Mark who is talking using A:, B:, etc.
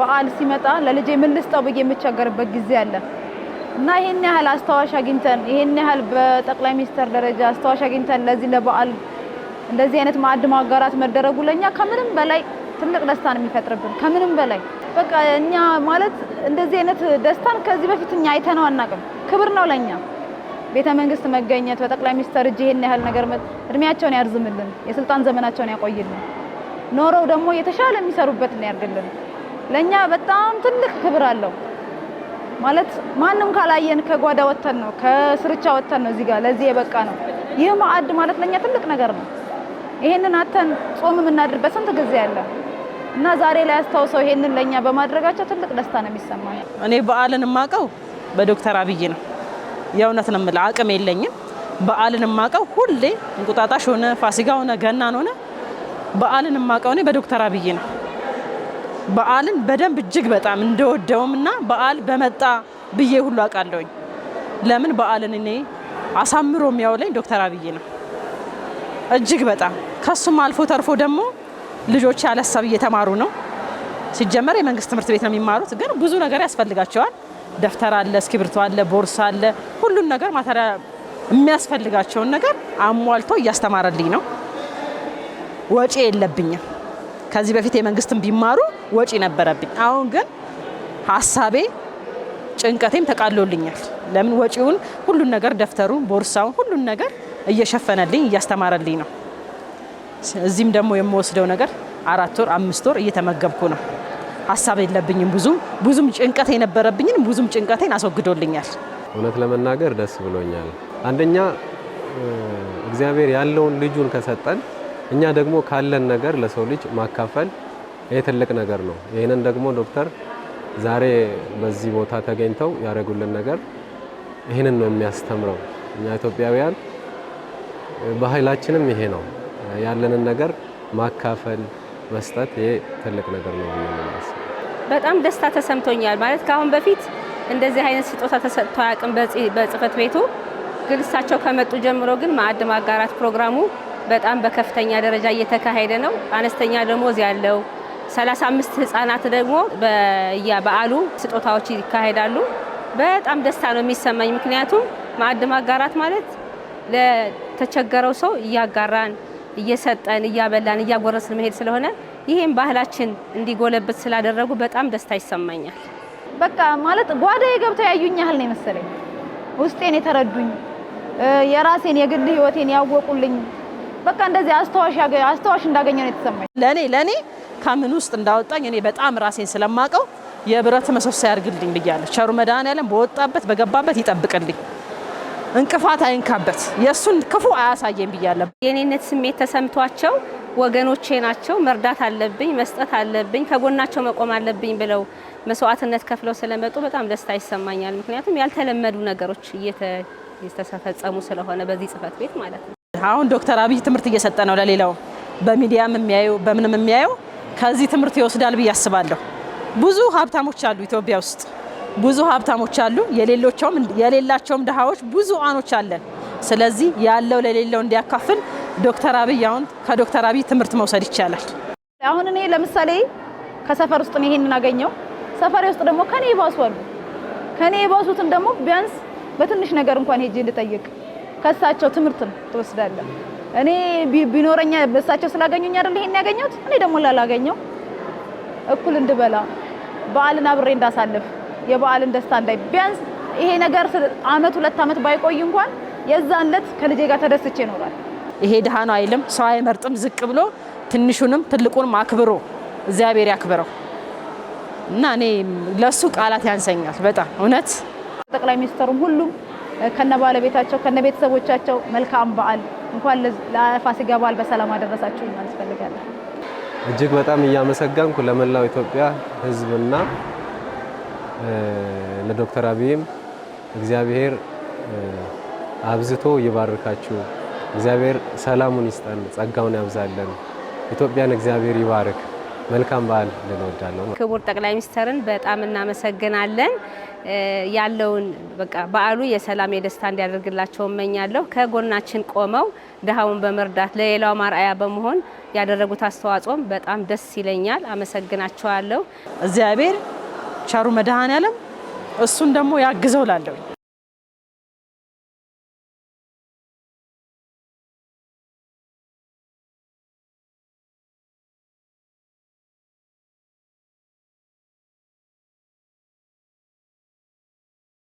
A: በዓል ሲመጣ ለልጄ ምን ልስጠው ብዬ የምቸገርበት ጊዜ አለ እና ይሄን ያህል አስታዋሽ አግኝተን ይሄን ያህል በጠቅላይ ሚኒስትር ደረጃ አስታዋሽ አግኝተን ለዚህ ለበዓል እንደዚህ አይነት ማዕድ ማጋራት መደረጉ ለኛ ከምንም በላይ ትልቅ ደስታን የሚፈጥርብን ከምንም በላይ በቃ እኛ ማለት እንደዚህ አይነት ደስታን ከዚህ በፊት እኛ አይተነው አናውቅም። ክብር ነው ለኛ ቤተ መንግስት መገኘት በጠቅላይ ሚኒስትር እጅ ይሄን ያህል ነገር እድሜያቸውን ያርዝምልን፣ የስልጣን ዘመናቸውን ያቆይልን፣ ኖረው ደግሞ የተሻለ የሚሰሩበት ነው ለእኛ በጣም ትልቅ ክብር አለው። ማለት ማንም ካላየን ከጓዳ ወተን ነው ከስርቻ ወተን ነው እዚህ ጋር ለዚህ የበቃ ነው። ይህ ማዕድ ማለት ለእኛ ትልቅ ነገር ነው። ይሄንን አተን ጾም የምናድርበት ስንት ጊዜ ያለ እና ዛሬ ላይ አስታውሰው ይሄንን ለእኛ በማድረጋቸው ትልቅ ደስታ ነው የሚሰማኝ።
B: እኔ በዓልን የማውቀው በዶክተር አብይ ነው። የእውነት ነው የምልህ አቅም የለኝም። በዓልን የማውቀው ሁሌ እንቁጣጣሽ ሆነ ፋሲካ ሆነ ገናን ሆነ በዓልን የማውቀው እኔ በዶክተር አብይ ነው። በዓልን በደንብ እጅግ በጣም እንደወደውም እና በዓል በመጣ ብዬ ሁሉ አውቃለሁኝ። ለምን በዓልን እኔ አሳምሮ የሚያውለኝ ዶክተር አብይ ነው እጅግ በጣም ከሱም አልፎ ተርፎ ደግሞ ልጆች ያለሳብ እየተማሩ ነው። ሲጀመር የመንግስት ትምህርት ቤት ነው የሚማሩት፣ ግን ብዙ ነገር ያስፈልጋቸዋል። ደብተር አለ፣ እስክሪብቶ አለ፣ ቦርሳ አለ፣ ሁሉን ነገር ማተሪያ የሚያስፈልጋቸውን ነገር አሟልቶ እያስተማረልኝ ነው። ወጪ የለብኝም። ከዚህ በፊት የመንግስትን ቢማሩ ወጪ ነበረብኝ። አሁን ግን ሀሳቤ ጭንቀቴም ተቃሎልኛል። ለምን ወጪውን ሁሉን ነገር ደብተሩን፣ ቦርሳውን ሁሉን ነገር እየሸፈነልኝ እያስተማረልኝ ነው። እዚህም ደግሞ የምወስደው ነገር አራት ወር አምስት ወር እየተመገብኩ ነው። ሀሳብ የለብኝም ብዙም ብዙም ጭንቀት የነበረብኝን ብዙም ጭንቀቴን አስወግዶልኛል።
C: እውነት ለመናገር ደስ ብሎኛል። አንደኛ እግዚአብሔር ያለውን ልጁን ከሰጠን እኛ ደግሞ ካለን ነገር ለሰው ልጅ ማካፈል ይሄ ትልቅ ነገር ነው። ይህንን ደግሞ ዶክተር ዛሬ በዚህ ቦታ ተገኝተው ያደረጉልን ነገር ይህንን ነው የሚያስተምረው። እኛ ኢትዮጵያውያን ባህላችንም ይሄ ነው፣ ያለንን ነገር ማካፈል፣ መስጠት። ይሄ ትልቅ ነገር ነው።
A: በጣም ደስታ ተሰምቶኛል ማለት ከአሁን በፊት እንደዚህ አይነት ስጦታ ተሰጥቶ አያውቅም በጽህፈት ቤቱ ግን እሳቸው ከመጡ ጀምሮ ግን ማዕድ ማጋራት ፕሮግራሙ በጣም በከፍተኛ ደረጃ እየተካሄደ ነው። አነስተኛ ደሞዝ ያለው 35 ህጻናት ደግሞ በበአሉ ስጦታዎች ይካሄዳሉ። በጣም ደስታ ነው የሚሰማኝ። ምክንያቱም ማዕድ ማጋራት ማለት ለተቸገረው ሰው እያጋራን እየሰጠን እያበላን እያጎረስን መሄድ ስለሆነ ይህም ባህላችን እንዲጎለበት ስላደረጉ በጣም ደስታ ይሰማኛል። በቃ ማለት ጓዳዬ ገብተው ያዩኝ ያህል ነው የመሰለኝ። ውስጤን የተረዱኝ የራሴን የግል ህይወቴን ያወቁልኝ በቃ እንደዚህ አስተዋሽ አስተዋሽ እንዳገኘ ነው የተሰማኝ።
B: ለኔ ለኔ ከምን ውስጥ እንዳወጣኝ እኔ በጣም ራሴን ስለማቀው የብረት ምሰሶ ያርግልኝ ብያለሁ። ቸሩ መድኃኔዓለም በወጣበት በገባበት ይጠብቅልኝ፣ እንቅፋት አይንካበት፣ የእሱን ክፉ አያሳየኝ ብያለሁ።
A: የኔነት ስሜት ተሰምቷቸው ወገኖቼ ናቸው መርዳት አለብኝ፣ መስጠት አለብኝ፣ ከጎናቸው መቆም አለብኝ ብለው መስዋዕትነት ከፍለው ስለመጡ በጣም ደስታ ይሰማኛል። ምክንያቱም ያልተለመዱ ነገሮች እየተፈጸሙ ስለሆነ በዚህ ጽህፈት ቤት ማለት ነው።
B: አሁን ዶክተር አብይ ትምህርት እየሰጠ ነው ለሌላው በሚዲያም የሚያየው በምንም የሚያየው ከዚህ ትምህርት ይወስዳል ብዬ አስባለሁ። ብዙ ሀብታሞች አሉ ኢትዮጵያ ውስጥ ብዙ ሀብታሞች አሉ፣ የሌሎቸውም የሌላቸውም ድሃዎች ብዙ አኖች አለን። ስለዚህ ያለው ለሌለው እንዲያካፍል ዶክተር አብይ አሁን ከዶክተር አብይ ትምህርት መውሰድ ይቻላል።
A: አሁን እኔ ለምሳሌ ከሰፈር ውስጥ ነው ይሄንን አገኘው። ሰፈሬ ውስጥ ደግሞ ከኔ ይባሱ አሉ። ከኔ ይባሱትን ደግሞ ቢያንስ በትንሽ ነገር እንኳን ሄጄ ልጠይቅ ከእሳቸው ትምህርትን ትወስዳለህ። እኔ ቢኖረኛ በእሳቸው ስላገኙኝ አይደል ይሄን ያገኘሁት። እኔ ደግሞ ላላገኘው እኩል እንድበላ በዓልን አብሬ እንዳሳልፍ የበዓልን ደስታ እንዳይ ቢያንስ ይሄ ነገር አመት ሁለት አመት ባይቆይ እንኳን የዛን ዕለት ከልጄ ጋር ተደስቼ ይኖራል።
B: ይሄ ድሃ ነው አይልም፣ ሰው አይመርጥም። ዝቅ ብሎ ትንሹንም ትልቁንም አክብሮ እግዚአብሔር ያክብረው እና እኔ ለሱ ቃላት ያንሰኛል በጣም እውነት
A: ጠቅላይ ሚኒስትሩም ሁሉም ከነ ባለቤታቸው ከነ ቤተሰቦቻቸው መልካም በዓል እንኳን ለፋሲካ በዓል በሰላም አደረሳችሁ እናስፈልጋለን።
C: እጅግ በጣም እያመሰገንኩ ለመላው ኢትዮጵያ ሕዝብና ለዶክተር አብይም እግዚአብሔር አብዝቶ ይባርካችሁ። እግዚአብሔር ሰላሙን ይስጠን፣ ጸጋውን ያብዛለን። ኢትዮጵያን እግዚአብሔር ይባርክ። መልካም በዓል ልንወዳለሁ።
A: ክቡር ጠቅላይ ሚኒስትርን በጣም እናመሰግናለን። ያለውን በቃ በዓሉ የሰላም የደስታ እንዲያደርግላቸው እመኛለሁ። ከጎናችን ቆመው ድሃውን በመርዳት ለሌላው ማርአያ በመሆን ያደረጉት አስተዋጽኦም በጣም ደስ ይለኛል። አመሰግናቸዋለሁ።
B: እግዚአብሔር ቸሩ መድኃኔዓለም እሱን ደግሞ ያግዘው ላለሁኝ